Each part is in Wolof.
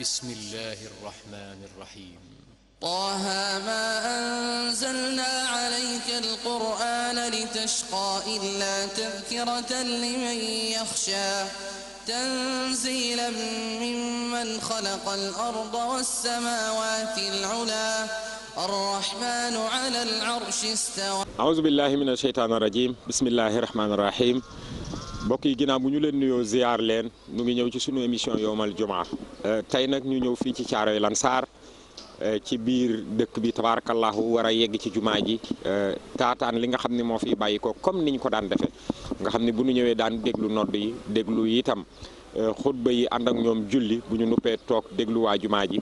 بسم الله الرحمن الرحيم طه ما أنزلنا عليك القرآن لتشقى إلا تذكرة لمن يخشى تنزيلا ممن خلق الأرض والسماوات العلا الرحمن على العرش استوى أعوذ بالله من الشيطان الرجيم بسم mbokk yi ginnaaw bu ñu leen nuyoo ziar leen ñu ngi ñëw ci sunu émission yowmal jumaa tey nag ñu ñëw fii ci Caaroy Lansar ci biir dëkk bi tabaarakallahu war a yegg ci jumaa ji taataan li nga xam ne moo fi bàyyi ko comme niñ ko daan defee nga xam ne bu ñu ñëwee daan déglu nodd yi déglu itam xutba yi ànd ak ñoom julli bu ñu nuppee toog déglu waa jumaa ji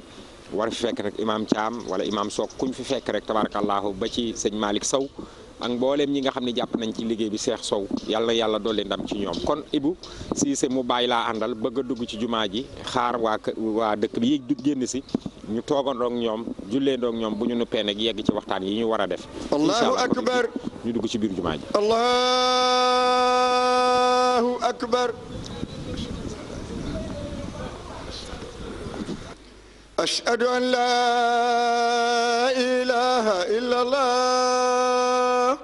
war fi fekk rek imaam Thiam wala imaam Sock kuñ fi fekk rek tabaarakallaahu ba ci sëñ Malick Sow ak mbooleem ñi nga xam ne jàpp nañ ci liggéey bi Cheikh Sow yàlla na yàlla dolli ndam ci ñoom kon Ibou Cissé mu bàyyi la àndal bëgg a dugg ci jumaa ji xaar waa waa dëkk yi yéeg génn si ñu toogandoog ñoom jullendoog ñoom bu ñu nuppee nag yegg ci waxtaan yi ñu war a def allahu akbar ñu dugg ci biir jumaa ji allahu akbar أشهد أن لا إله إلا الله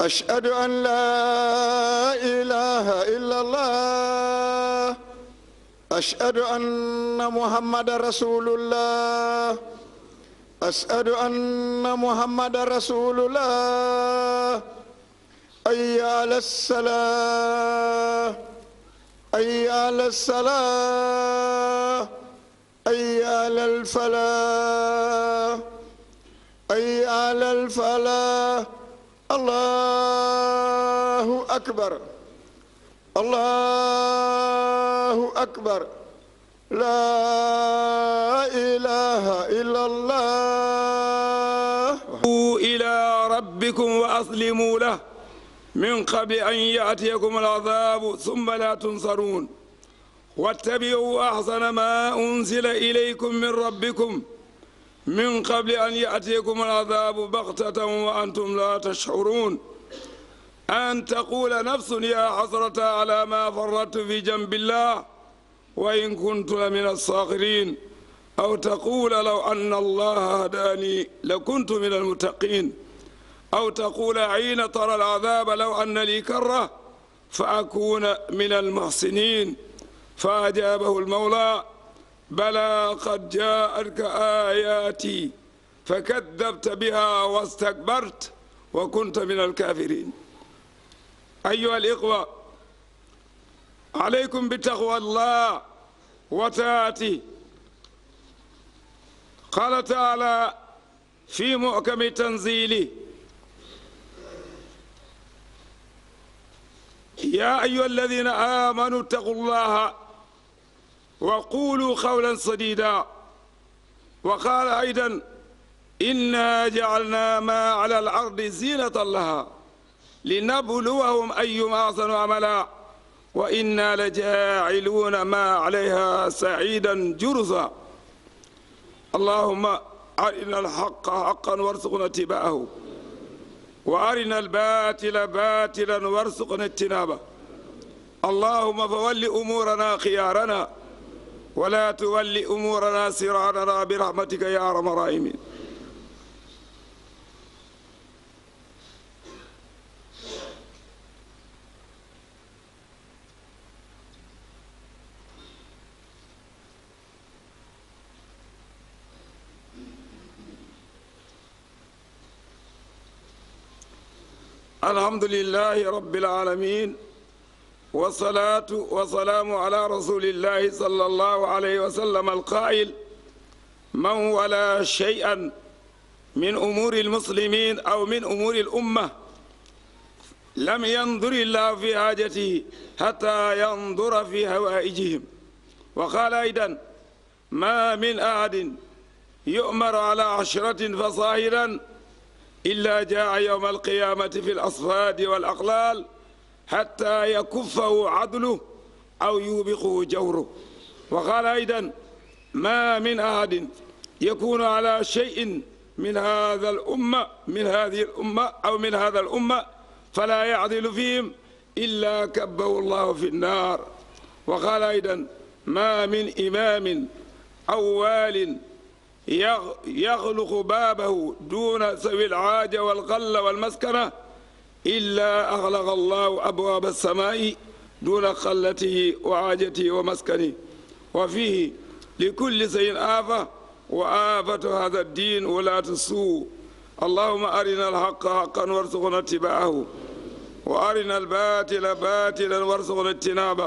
أشهد أن لا إله إلا الله أشهد أن محمد رسول الله أشهد أن محمد رسول الله أي على الصلاة أي على الصلاة الفلاح أي على الفلاح الله أكبر الله أكبر لا إله إلا الله إلى ربكم وأسلموا له من قبل أن يأتيكم العذاب ثم لا تنصرون واتبعوا أحسن ما أنزل إليكم من ربكم من قبل أن يأتيكم العذاب بغتة وأنتم لا تشعرون أن تقول نفس يا حسرة على ما فرطت في جنب الله وإن كنت لمن الصاغرين أو تقول لو أن الله هداني لكنت من المتقين أو تقول عين ترى العذاب لو أن لي كرة فأكون من المحسنين فأجابه المولى بلى قد جاءتك آياتي فكذبت بها واستكبرت وكنت من الكافرين أيها الإخوة عليكم بتقوى الله وتاتي قال تعالى في محكم تنزيله يا أيها الذين آمنوا اتقوا الله وقولوا قولا صديدا وقال أيضا إنا جعلنا ما على الأرض زينة لها لنبلوهم أيما أحسن عملا وإنا لجاعلون ما عليها سعيدا جرزا اللهم أرنا الحق حقا وارزقنا اتباعه وأرنا الباطل باطلا وارزقنا اجتنابه اللهم فول أمورنا خيارنا ولا تولي أمورنا سرارنا برحمتك يا أرحم الراحمين الحمد لله رب العالمين والصلاة والسلام على رسول الله صلى الله عليه وسلم القائل من ولا شيئا من أمور المسلمين أو من أمور الأمة لم ينظر الله في حاجته حتى ينظر في هوائجهم وقال أيضا ما من أحد يؤمر على عشرة فصاهرا إلا جاء يوم القيامة في الأصفاد والأقلال حتى يكفه عدله أو يوبقه جوره وقال أيضا ما من أحد يكون على شيء من هذا الأمة من هذه الأمة أو من هذا الأمة فلا يعدل فيهم إلا كبه الله في النار وقال أيضا ما من إمام أو وال يغلق بابه دون سوي العاجة والقلة والمسكنة illaa axlaqa allahu abwaaba alsamaai duuna xallatihi wa xaajatihi wa maskani wa fihi li kulli sayin aafa wa aafatu hada addiin walaatu suu allahuma arina alxaqa xaqan warsuqna ittibaahu wa arina albatila batilan warsuqna ijtinaaba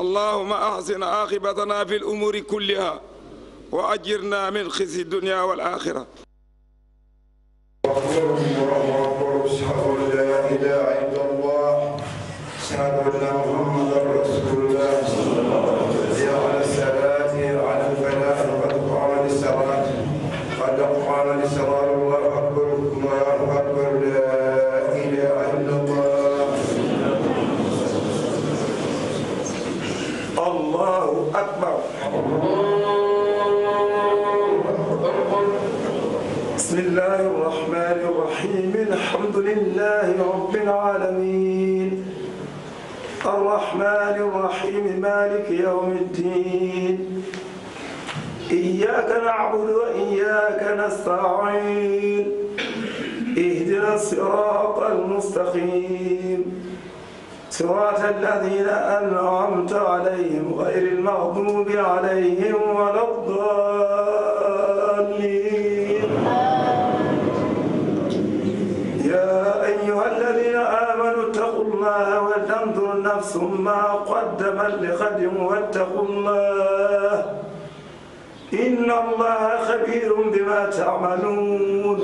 allahuma axsin aaxibatana fi lumuuri kulliha wa ajirna min xisi dunia wal axira نعبد وإياك نستعين اهدنا الصراط المستقيم صراط الذين أنعمت عليهم غير المغضوب عليهم ولا الضالين يا أيها الذين آمنوا اتقوا الله ولتنظر نفس ما قدمت لغد واتقوا الله إن الله خبير بما تعملون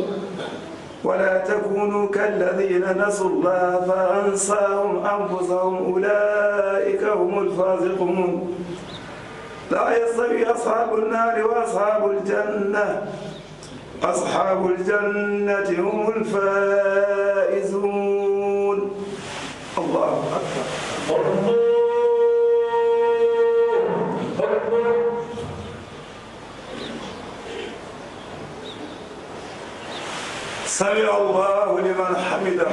ولا تكونوا كالذين نسوا الله فأنساهم أنفسهم أولئك هم الفاسقون لا يستوي أصحاب النار وأصحاب الجنة أصحاب الجنة هم الفائزون الله أكبر sami allahu liman hamida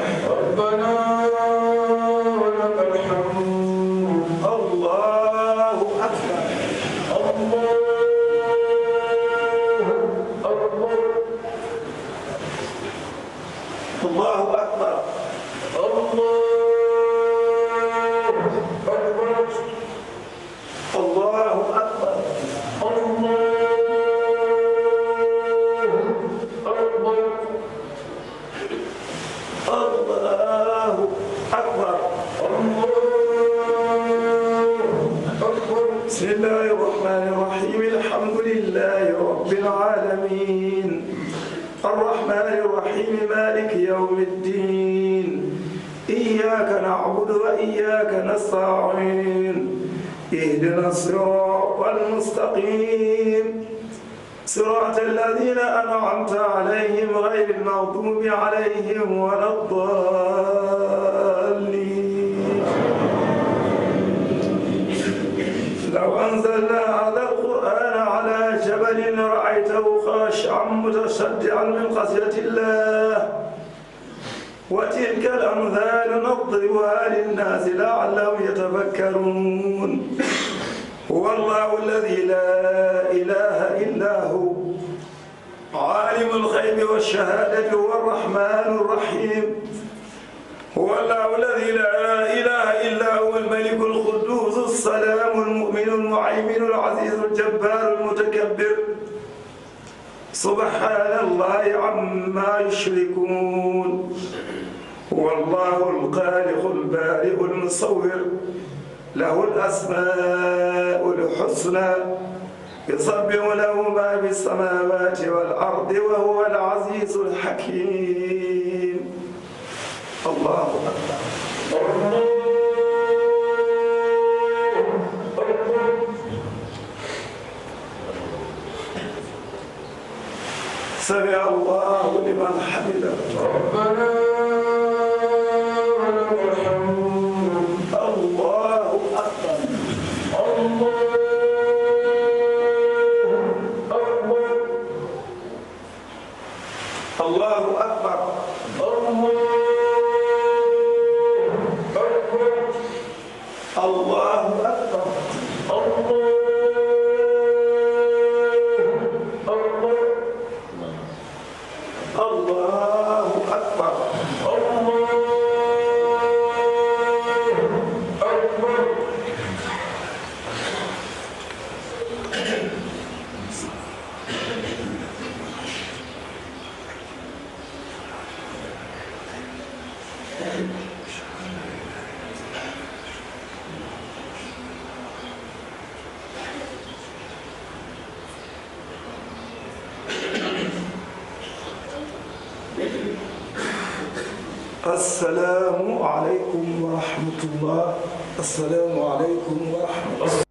نستعين اهدنا الصراط المستقيم صراط الذين أنعمت عليهم غير المغضوب عليهم ولا الضالين لو أنزلنا هذا القرآن على جبل رأيته خاشعا متصدعا من خشية الله وتلك الأمثال نضربها للناس لعلهم يتفكرون هو الله الذي لا إله إلا هو عالم الغيب والشهادة هو الرحمن الرحيم هو الله الذي لا إله إلا هو الملك القدوس السلام المؤمن المعيمن العزيز الجبار المتكبر سبحان الله عما يشركون والله الخالق البارئ المصور له الأسماء الحسنى يصبح له ما في السماوات والأرض وهو العزيز الحكيم الله أكبر سمع الله لمن حمده ربنا rahmatullah assalaamu aleykum wa rahmatullah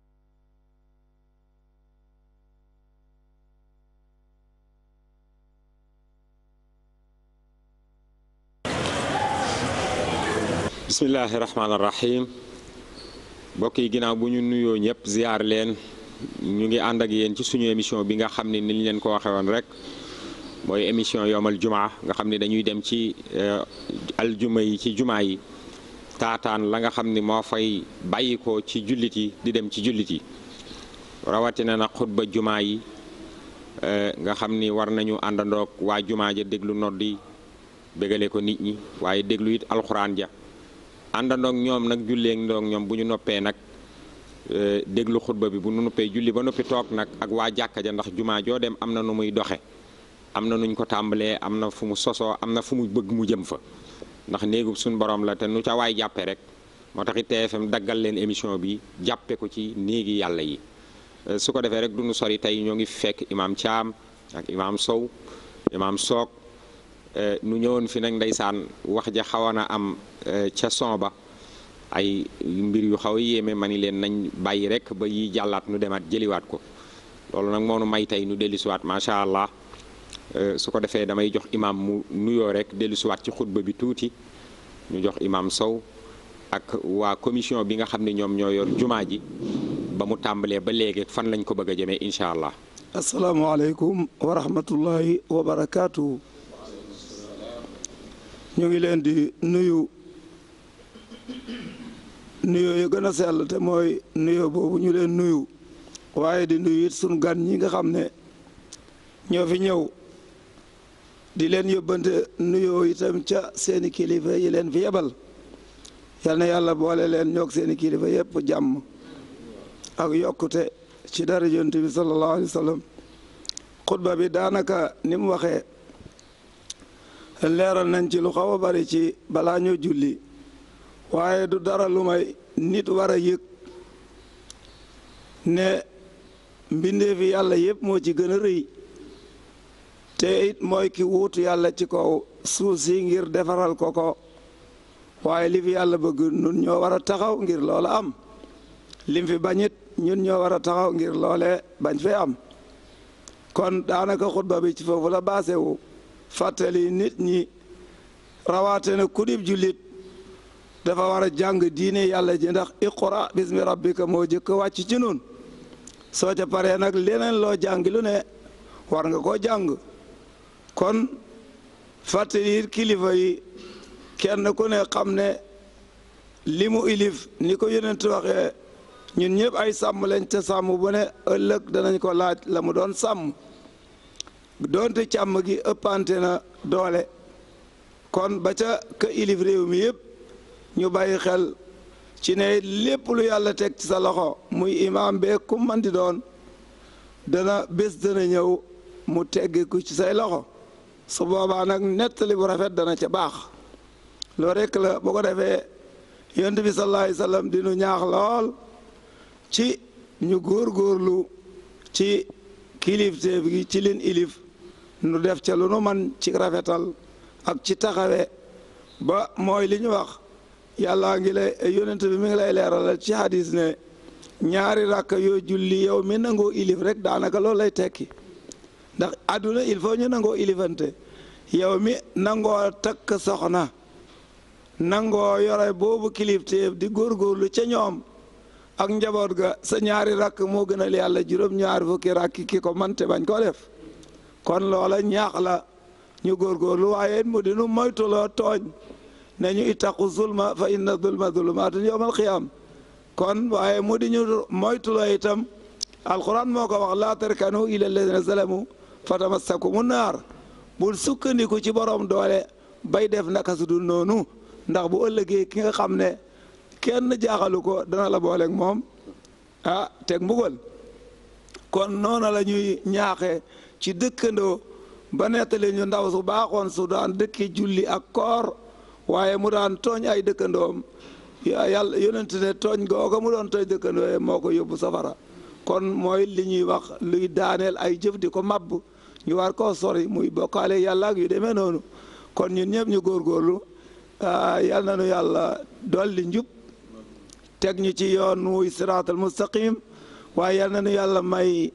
yi ginnaaw bu ñu nuyoo ñëpp ziyaar leen ñu ngi ànd ak yéen ci suñu émission bi nga xam ne ni leen ko waxee woon rek mooy émission yoomal jumaa nga xam ni dañuy dem ci euh, aljuma yi ci jumaa yi taataan la nga xam ni moo fay bàyyikoo ci jullit yi di dem ci jullit yi rawatina na xutba jumaa yi eh, nga xam ni war nañu àndandoog waa jumaa ja déglu nodd yi bégale ko nit ñi waaye déglu it alxuraan ja àndandoog ñoom nag jullee ndoog ñoom bu ñu noppee nag eh, déglu xutba bi bu nu noppee julli ba noppi toog nag ak waa jàkka ja ndax jumaa joo dem am na nu muy doxe am na nuñ ko tàmbalee am na fu mu sosoo am na fu mu bëgg mu jëm fa ndax néegu suñu borom la te nu ca waay jàppe rek moo tax it TFM daggal leen émission bi jàppe ko ci néegi yàlla yi euh, su ko defee rek du ñu sori tey ñoo ngi fekk imaam Thiam ak imaam Sow imaam Sook euh, nu ñëwoon fi nag ndeysaan wax ja xawoon a am euh, ca son ba ay mbir yu xaw a yéeme ma ni leen nañ bàyyi rek ba yi jàllaat nu demaat jëliwaat ko loolu nag moo nu may tey nu dellusiwaat macha allah. Euh, su ko defee damay jox imaam mu nuyoo rek dellusiwaat ci xutba bi tuuti ñu jox imaam Sow ak waa commission bi nga xam ne ñoom ñoo yor jumaa ji ba mu tàmbalee ba léegi fan lañ ko bëgg a jëmee incha allah. asalaamaaleykum wa rahmatullahi wa barakaatu. ñu ngi leen di nuyu nuyoo yu gën a sell te mooy nuyoo boobu ñu leen nuyu waaye di nuyu it sunu gan ñi nga xam ne ñoo fi ñëw di leen yóbbante nuyoo itam ca seeni kilifa yi leen fi yebal yal yàlla boole leen ñoog seeni kilifa yëpp jàmm ak yokkute ci dara yonent bi sallallahu alayhi xutba bi daanaka ni waxee leeral nañ ci lu xaw a bari ci balaa ñoo julli waaye du dara lu may nit war a yëg ne mbindeefi yàlla yëpp moo ci gën a rëy te it mooy ki wuutu yàlla ci kaw suuf si ngir defaral ko ko waaye li fi yàlla bëgg nun ñoo war a taxaw ngir loola am lim fi bañit ñun ñoo war a taxaw ngir loole bañ fee am kon daanaka xutba bi ci foofu la baase wu fàttali nit ñi rawaate na kudib jullit dafa war a jàng diine yàlla ji ndax iqra bismi rabbika moo jëkk wàcc ci nun soo ca paree nag leneen loo jàngi lu ne war nga koo jàng kon fàttali it kilifa yi kenn ku ne xam ne li mu ilif ni ko yonent waxee ñun ñëpp ay sàmm lañ ca sàmm bu ne ëllëg danañ ko laaj la mu doon sàmm doonte càmm gi ëppante na doole kon ba ca ka ilif réew mi yëpp ñu bàyyi xel ci ne lépp lu yàlla teg ci sa loxo muy imaam bee ku doon dana bés dana ñëw mu tegg ku ci say loxo su boobaa nag nettali bu rafet dana ca baax loo rek la boo ko defee yonent bi sallallahu alayhi dinu ñaax lool ci ñu góor góorgóorlu ci kilifteef gi ci lin ilif nu def ca lu nu man ci rafetal ak ci taxawe ba mooy li ñu wax yàlla ngi lay yonent bi mu ngi lay leeralal ci hadis ne ñaari rakk yoo julli yow mi nangoo ilif rek daanaka loolu lay tekki ndax àdduna il faut ñu nangoo ilifante yow mi nangoo takk soxna nangoo yore boobu kilifteef di góorgóorlu ca ñoom ak njaboot ga sa ñaari rakk moo gënal yàlla juróom-ñaari fukki rakk ki ko mante bañ koo def kon loola ñaax ñu góorgóorlu waaye mu dinu moytuloo tooñ ne ñu ittaqu zulma fa inna zulma zulumaatun yowmal qiyaam kon waaye mu di ñu moytuloo itam alquran moo ko wax laa tarkanu ila alladina zalamu fatamassakumu naar bul sukkandiku ci boroom doole bay def naka su noonu ndax bu ëllëgee ki nga xam ne kenn jaaxalu ko dana la booleek moom ah teg mbugal kon noona la ñuy ñaaxe ci dëkkandoo ba nettali ñu ndaw su baaxoon su daan dëkki julli ak koor waaye mu daan tooñ ay dëkkandoom yàlla yonent ne tooñ googa mu doon tooñ dëkkandoo moo ko yóbbu safara kon mooy li ñuy wax luy daaneel ay jëf di ko màbb ñu war koo sori muy bokkaale yàlla ak yu demee noonu kon ñun ñëpp ñu góorgóorlu ah, yal na nu yàlla dolli njub teg ñu ci yoon wuy siraatal mustaqim waaye yal na nu yàlla may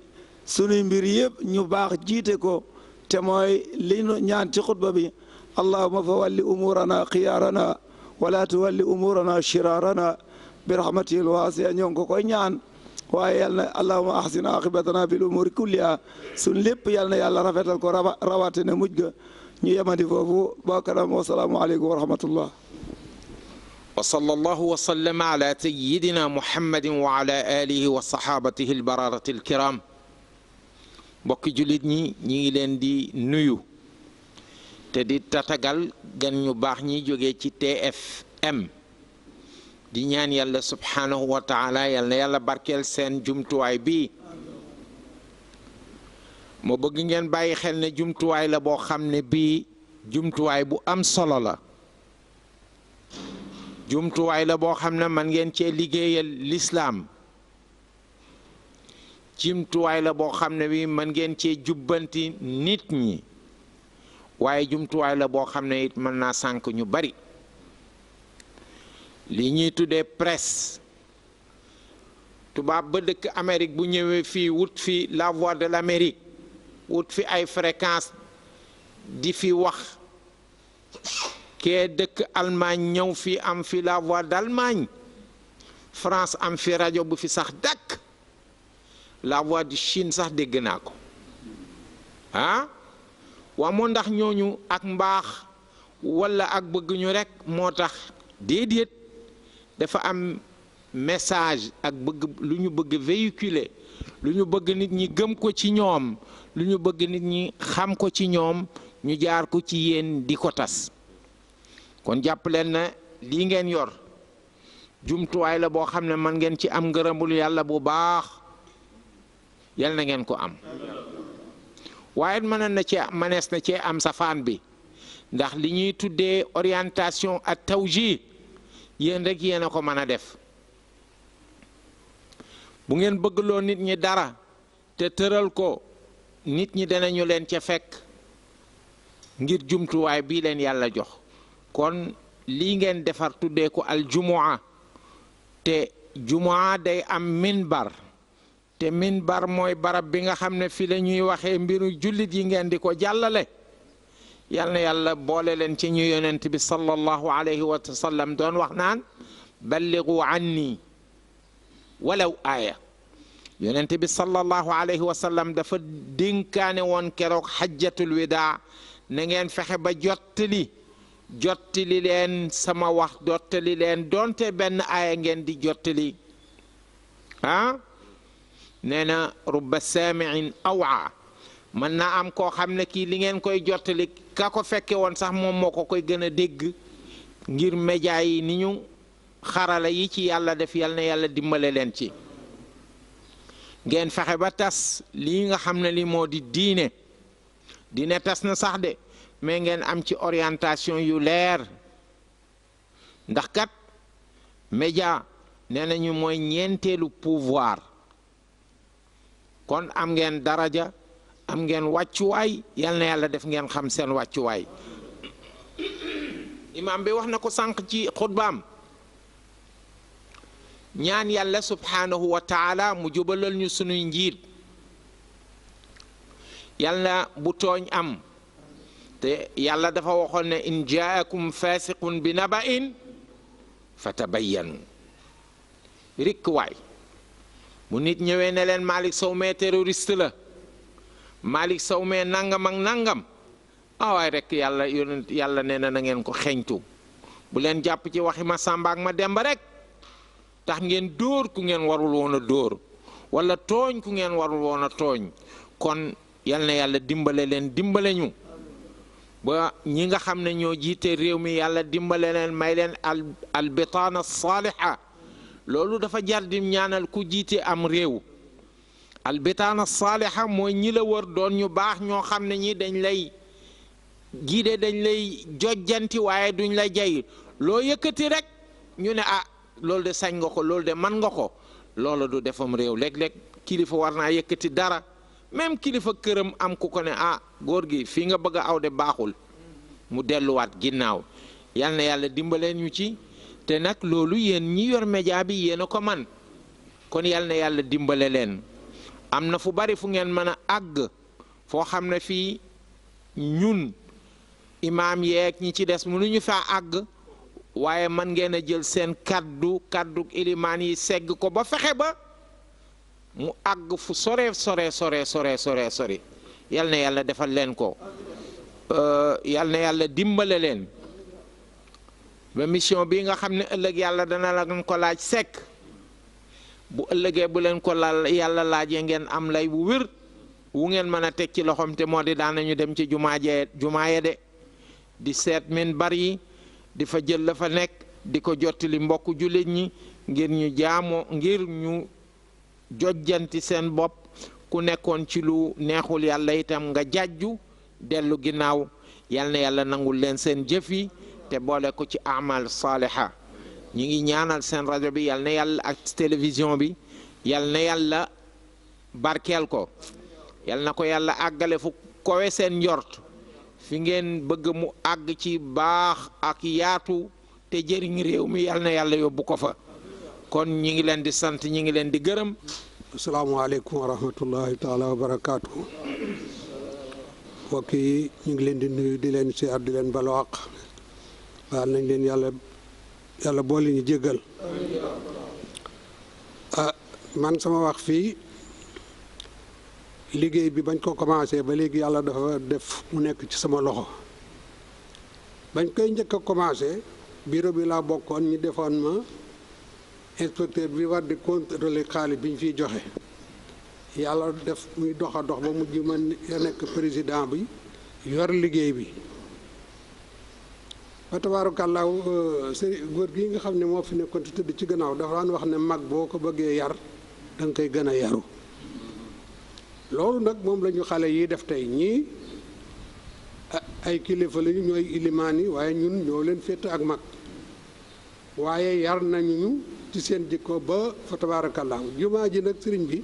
sunuy mbir yëpp ñu baax jiite ko te mooy li ñu ñaan ci xutba bi allahuma fa walli umurana xiyaarana wala tuwalli umurana shiraarana bi waasiya ñoo ko koy ñaan waaye yàlla na ahsin aqibatana fil umuri kulliha suñ lépp yàlla na yàlla rafetal ko rawatina mujj ñu yemandi foofu ba kanam wasalaamualeykum wa rahmatullah wa sallallahu wa sallama ala ñi ñi ngi leen di nuyu te di tatagal gan baax ñi jógee ci di ñaan yàlla subhaanahu wa taala yal yàlla barkeel seen jumtuwaay bii moo bëgg ngeen bàyyi xel ne jumtuwaay la boo xam ne bii jumtuwaay bu am solo la jumtuwaay la boo xam ne man ngeen cee liggéeyal lislaam jumtuwaay la boo xam ne bi man ngeen cee jubbanti nit ñi waaye jumtuwaay la boo xam ne it mën naa sànk ñu bari li ñuy tuddee presse tubaab ba dëkk Amérique bu ñëwee fii wut fi la voix de l'Amérique wut fi ay fréquence di fi wax kee dëkk Allemagne ñëw fi am fi la d'Allemagne France am fi rajo bu fi sax dàkk la voix de Chine sax dégg naa ko ah waa moo ndax ñooñu ak mbaax walla ak bëgguñu ñu rekk moo tax déedéet dafa am message ak bëgg lu ñu bëgg nit ñi gëm ko ci ñoom lu ñu bëgg nit ñi xam ko ci ñoom ñu jaar ko ci yéen di ko tas kon jàpp leen na lii ngeen yor jumtuwaay la boo xam ne man ngeen ci am ngërëmul yàlla bu baax yal na ngeen ko am waaye mën na cee mënees na cee am safaan bi ndax li ñuy tuddee orientation ak tawji yéen rek yéen a ko mën a def bu ngeen bëggloo nit ñi dara te tëral ko nit ñi danañu leen ca fekk ngir jumtuwaay bii leen yàlla jox kon lii ngeen defar tuddee ko aljumua te jumua day am minbar te minbar mooy barab bi nga xam ne fi la ñuy waxee mbiru jullit yi ngeen di ko jàllale yal na yàlla boole leen ci ñu yonent bi sallallahu alayhi wa sallam doon wax naan balligu anni walaw aaya yonent bi sallallahu alayhi wa sallam dafa dénkaane woon keroog xajjatul widaa na ngeen fexe ba jottali jottali leen sama wax jottali leen doonte benn aaya ngeen di jottali ah nee na rubba saamiin awaa mën naa am koo xam ne kii li ngeen koy jottali ka ko fekke woon sax moom moo ko koy gën a dégg ngir média yi ni ñu xarala yi ci yàlla def yal na yàlla dimbale leen ci ngeen fexe ba tas lii nga xam ne li moo di diine diine tas na sax de mais ngeen am ci orientation yu leer ndax kat média ne nañu mooy ñeenteelu pouvoir kon am ngeen daraja am ngeen wàccuwaay yal na yàlla def ngeen xam seen wàccuwaay imam bi wax na ko sànq ci xutbaam ñaan yàlla subhaanahu wa taala mu jubalal ñu sunuy njiit yàlla bu tooñ am te yàlla dafa waxoon ne in jaakum faasiqun bi naba'in fa tabayyanu rikk waay bu nit ñëwee ne leen Malick Sow mais terroriste la Malick Sow mee nangam nangam ah rek yàlla yonent yàlla nee na na ngeen ko xeeñtu bu leen jàpp ci waxi ma Samba ma Demba rek tax ngeen dóor ku ngeen warul woon a dóor wala tooñ ku ngeen warul woon a tooñ kon yal na yàlla dimbale leen dimbale ñu ba ñi nga xam ne ñoo jiite réew mi yàlla dimbale leen may leen al albitaana saaliha loolu dafa jar di ñaanal ku jiite am réew. albitaana saaliha mooy ñii la wër doon ñu baax ñoo xam ne ñi dañ lay giide dañ lay jojjanti waaye duñ la jay loo yëkkati rek ñu ne ah loolu de sañ nga ko loolu de man nga ko loola du defam réew léeg-léeg kilifa war naa yëkkati dara même kilifa këram am ku ko ne ah góor gi fii nga bëgg a aw baaxul mu delluwaat ginnaaw yal na yàlla dimbaleen ñu ci te nag loolu yéen ñi yor média bi yéen ko man kon yal na yàlla dimbale leen am na fu bari fu ngeen mën a àgg foo xam ne fii ñun imaam yeek ñi ci des ñu faa àgg waaye man ngeen a jël seen kaddu kaddu ilimaan yi segg ko ba fexe ba mu àgg fu sore sore sore sore sore sore yal na yàlla defal leen ko euh, yal na yàlla dimbale leen ba mission bi nga xam ne ëllëg yàlla dana la ko laaj sekk bu ëllëgee bu leen ko laal yàlla laajee ngeen am lay bu wér wu ngeen mën a teg ci loxoom te moo di daan nañu dem ci jumaa jee jumaa ya de di seet min bar yi di fa jël la fa nekk di ko jottali mbokk jullit ñi ngir ñu jaamoo ngir ñu jojjanti seen bopp ku nekkoon ci lu neexul yàlla itam nga jàjju dellu ginnaaw yal yàlla nangul leen seen jëf yi te boole ko ci amal saaliha ñu ngi ñaanal seen rajo bi yal na yàlla ak télévision bi yal na yàlla barkeel ko yal na ko yàlla àggale fu kowe seen njort fi ngeen bëgg mu àgg ci baax ak yaatu te jëriñ réew mi yal na yàlla yóbbu ko fa kon ñu ngi leen di sant ñu ngi leen di gërëm asalaamaaleykum wa rahmatullahi taala wa barakaatu mbokk yi ñu ngi leen di nuyu di leen siyaar di leen balwaq baal nañ leen yàlla yàlla boole ñu jéggal ah, man sama wax fii liggéey bi bañ koo commencé ba léegi yàlla dafa def mu nekk ci sama loxo bañ koy njëkk a commencé bureau bi laa bokkoon ñu defoon ma inspecteur bi war di contrôler xaalis bi ñu fiy joxe yàlla def muy dox dox ba mujj man nekk président bi yor liggéey bi fa tabaarakallaahu euh, sëriñ góor gi nga xam ne moo fi nekkoon te tëdd ci gannaaw dafa daan wax ne mag boo ko bëggee yar danga koy gën a yaru loolu nag moom lañu xale yi def tey ñi ay kilifa lañu ñooy ilimaan yi waaye ñun ñoo leen fétt ak mag waaye yar nañu ñu ci seen jikko ba fa tabaarakallaahu jumaa ji nag sëriñ bi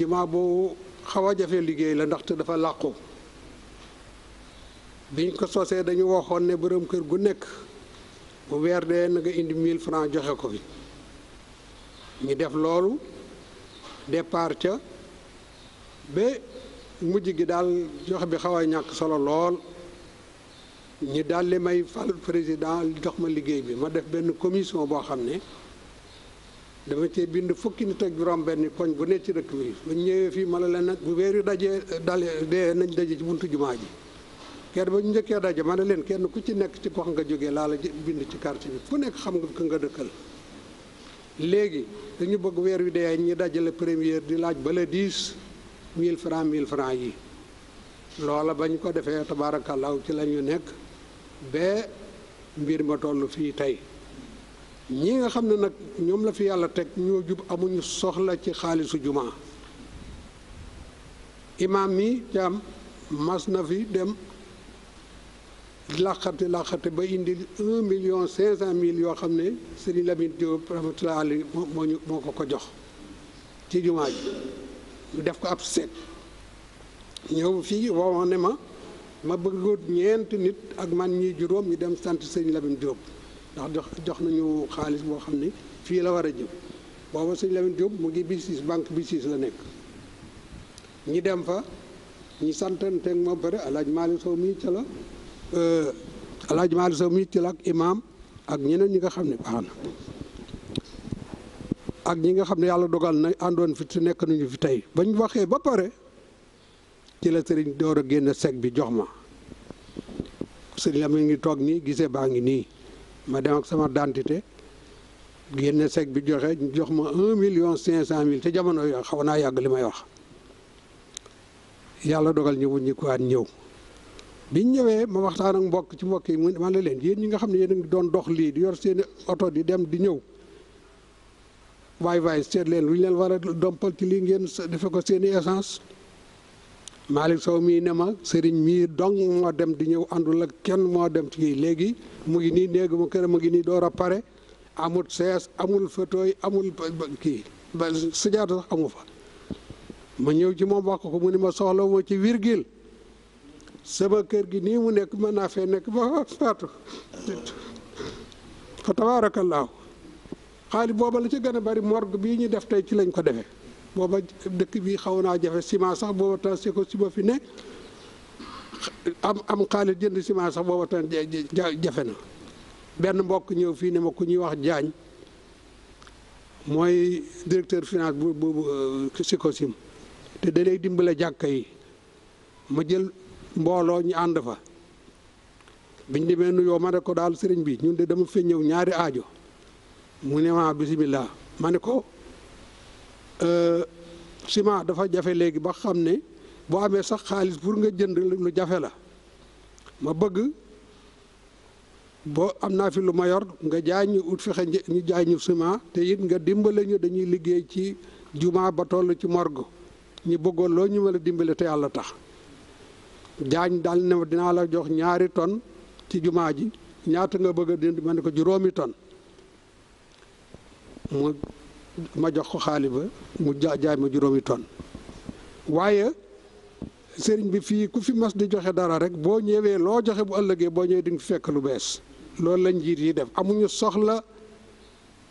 jumaa boobu xaw a jafe liggéey la ndaxte dafa làqu biñ ko sosee dañu waxoon ne borom kër gu nekk bu weer dee na nga indi 1000 francs joxe ko fi ñu def loolu départ ca ba mujj gi daal joxe bi xaw a ñàkk solo lool ñu daal li may fal président jox ma liggéey bi ma def benn commission boo xam ne dama cee bind fukki nit ak juróom benn koñ bu nekk ci dëkk bi bu ñëwee fii ma la leen nag bu weer yu dajee dale dee nañ daje ci buntu jumaa ji ker ba ñu njëkkee daje ma ne leen kenn ku ci nekk ci gox nga jóge laala bind ci quartier bi fu nekk xam nga ko nga dëkkal léegi dañu bëgg weer wi dee ñi dajale première di laaj bala dix mille francs mille francs yi loola bañ ko defee tabaarakallaahu ci lañu nekk ba mbir ma toll fii tey ñi nga xam ne nag ñoom la fi yàlla teg ñoo jub amuñu soxla ci xaalisu jumaa imaam mi jaam mas na fi dem làqate làqate ba indi million cinq cent mille yoo xam ne Serigne Lamine Diop rahmatulah ali moo ñu moo ko ko jox ci jumaa ji ñu def ko ab seet ñëw fii woo ne ma ma bëggoon ñeent nit ak man ñi juróom ñu dem sant Serigne Lamine Diop ndax jox jox nañu xaalis boo xam ne fii la war a jëm booba Serigne Lamine Diop mu ngi BICIS banque BICIS la nekk ñi dem fa ñi santante ak moom pare alaaj Malick Sow mii ca la. Alaaji Maalik Sow mi til ak imaam ak ñeneen ñi nga xam ne baax na ak ñi nga xam ne yàlla dogal na àndoon fi te nekk nañu fi tey bañ waxee ba pare ci la sëriñ door a génn sec bi jox ma sëriñ la mi ngi toog nii gisee baa ngi nii ma dem ak sama dentité génn sec bi joxe jox ma million cinq cent mille te jamono yoo xaw naa yàgg li may wax yàlla dogal ñu wuñ ñi ko ñëw biñ ñëwee ma waxtaan ak mbokk ci mbokk yi man la leen yéen ñi nga xam ne yéen a ngi doon dox lii di yor seen oto di dem di ñëw waay waay seet leen lu ñu leen war a dompal ci lii ngeen defe ko seen i essence Malick Sow mii ne ma sëriñ mii dong moo dem di ñëw àndul ak kenn moo dem ci kii léegi mu ngi nii néegu ma kër mu ngi nii door a pare amul sees amul fauteuil amul kii ba sujaata sax amu fa ma ñëw ci moom wax ko mu ne ma soxla ma ci virgule sama kër gi nii mu nekk mën naa fee nekk ba faatu fa tabaarakallaahu xaalis booba la ci gën a bari morgue bii ñu def tey ci lañ ko defee booba dëkk bii xaw naa jafe ciment sax booba tan si ko si ba fi nekk am am xaalis jënd ciment sax booba tan jafe na benn mbokk ñëw fii ne ma ku ñuy wax jaañ mooy directeur finance bu bu euh, Sikosim te da lay dimbale jàkka yi ma jël mbooloo ñu ànd fa biñ demee nuyoo ma ne ko daal sëriñ bi ñun de dama fee ñëw ñaari aajo mu ne ma bisimilah ma ne ko euh, ciment dafa jafe léegi ba xam ne boo amee sax xaalis pour nga jënd lu jafe la ma bëgg boo am naa fi lu mayor nga jaay ñu ut fexe ñu jaay ñu ciment te it nga dimbale ñu dañuy liggéey ci jumaa ba toll ci morgue ñu bëggoon loo ñu mën a dimbale te yàlla tax jaañ daal ne ma dinaa la jox ñaari ton ci jumaa ji ñaata nga bëgg a dindi ma ne ko juróomi ton mu ma jox ko xaalis ba mu jaay ma juróomi ton waaye sëriñ bi fii ku fi mas di joxe dara rek boo ñëwee loo joxe bu ëllëgee boo ñëwee di fekk lu bees loolu la njiit yi def amuñu soxla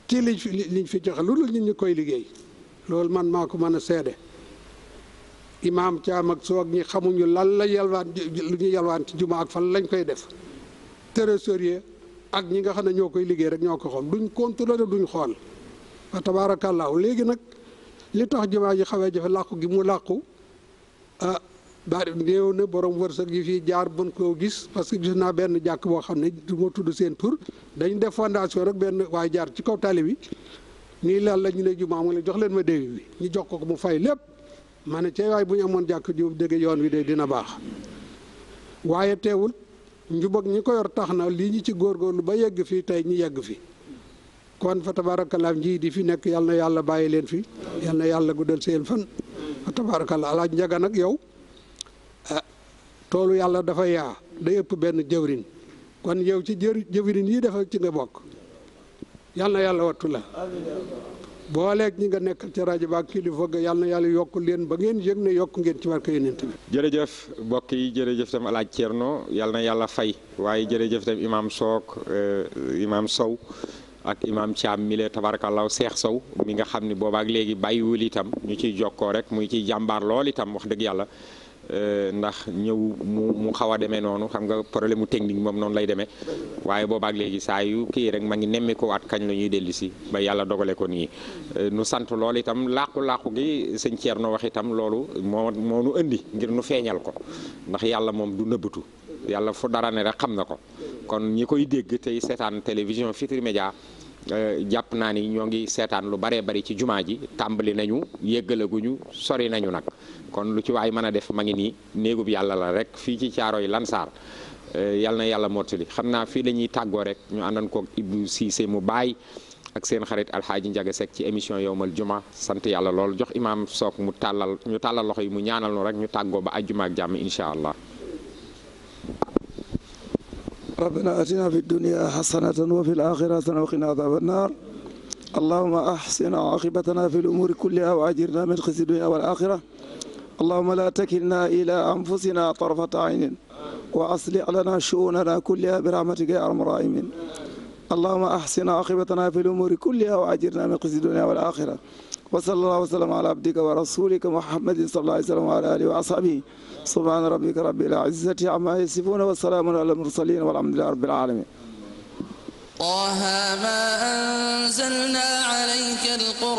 ci liñ fi liñ joxe lu dul ñun ñu koy liggéey loolu man maa ko mën a seede imaam caam ak soog ñi xamuñu lan la yalwaan lu ñu yalwaan ci juma ak fan lañ koy def trésorier ak ñi nga xam ne ñoo koy liggéey rek ñoo ko xool duñ contrôler duñ xool wa tabaarakallaahu léegi nag li tax jumaa ji xawee jafe làqu gi mu làqu ah bari néew na borom wërsëg yi fii jaar bën koo gis parce que gis naa benn jàkk boo xam ne du ma tudd seen tur dañ def fondation rek benn waaye jaar ci kaw tali bi nii lan la ñu ne jumaa mu la jox leen ma déwi bi ñu jox ko ko mu fay lépp ma ne cey bu ñu amoon jàkk ju dégg yoon wi de dina baax waaye teewul njubag ñi ko yor tax na lii ñi ci góor góorgóorlu ba yegg fi tey ñi yegg fi kon fa tabaarakallaa njii di fi nekk yàlla yàlla bàyyi leen fi yal yàlla guddal seen fan fa tabaarakallaa alaaj njaga nag yow ah, toolu yàlla dafa yaa day ëpp benn jëwriñ kon yow ci jëwriñ yi dafa ci nga bokk yàlla yàlla wattu la booleeg ñi nga nekk ca rajo ba kilifa ga yàlla na yàlla yokk leen ba ngeen yëg ne yokk ngeen ci barke yonent bi jërëjëf mbokk yi jërëjëf tam alaaj Thierno yàlla na yàlla fay waaye jërëjëf tam imaam Sook eh, imaam Sow ak imaam Thiam mi lee tabarakallah Seex Sow mi nga xam ne boobaak léegi bàyyiwul itam ñu ciy jokkoo rek muy ciy jàmbaar lool itam wax dëgg yàlla Euh, ndax ñëw mu mu xaw a demee noonu xam nga problème mu technique moom noonu lay demee waaye boobaak léegi saa yu kii rek ma ngi ko waat kañ lañuy ñuy dellu ba yàlla dogale ko nii euh, nu sant lool itam làqu-làqu gi sëñ Thierno wax itam loolu moo moo nu indi ngir nu feeñal ko ndax yàlla moom du nëbbatu yàlla fu dara ne rek xam na ko kon ñi koy dégg tey seetaan télévision Futurs Médias Euh, jàpp naa ni ñoo ngi seetaan lu baree bari ci jumaa ji tàmbali nañu yëggalaguñu sori nañu nag kon lu ci waay mën a def ma ngi nii néegub yàlla la rek fii ci Caaroy Lansar euh, yàlla na yàlla mottali xam naa fii la ñuy tàggoo rek ñu àndan koog Ibou Cissé mu baay ak seen xarit Alxaaji Njaga Sekk ci émission yowmal juma sant yàlla lool jox imaam soog mu tàllal ñu tàllal loxo yi mu ñaanal nu rek ñu tàggoo ba ajjuma ak jàmm incha allah. ربنا أتنا في الدنيا حسنة وفي الآخرة حسنة وقنا عذاب النار اللهم أحسن عاقبتنا في الأمور كلها وأجرنا من خزي الدنيا والآخرة اللهم لا تكلنا إلى أنفسنا طرفة عين وأصلح لنا شؤوننا كلها برحمتك يا أرحم الراحمين اللهم أحسن عاقبتنا في الأمور كلها وأجرنا من خزي الدنيا والآخرة وصلى الله وسلم على عبدك ورسولك محمد صلى الله عليه وسلم وعلى آله وأصحابه سبحان ربك رب العزة عما يصفون وسلام على المرسلين والحمد لله رب العالمين طه ما أنزلنا عليك القرآن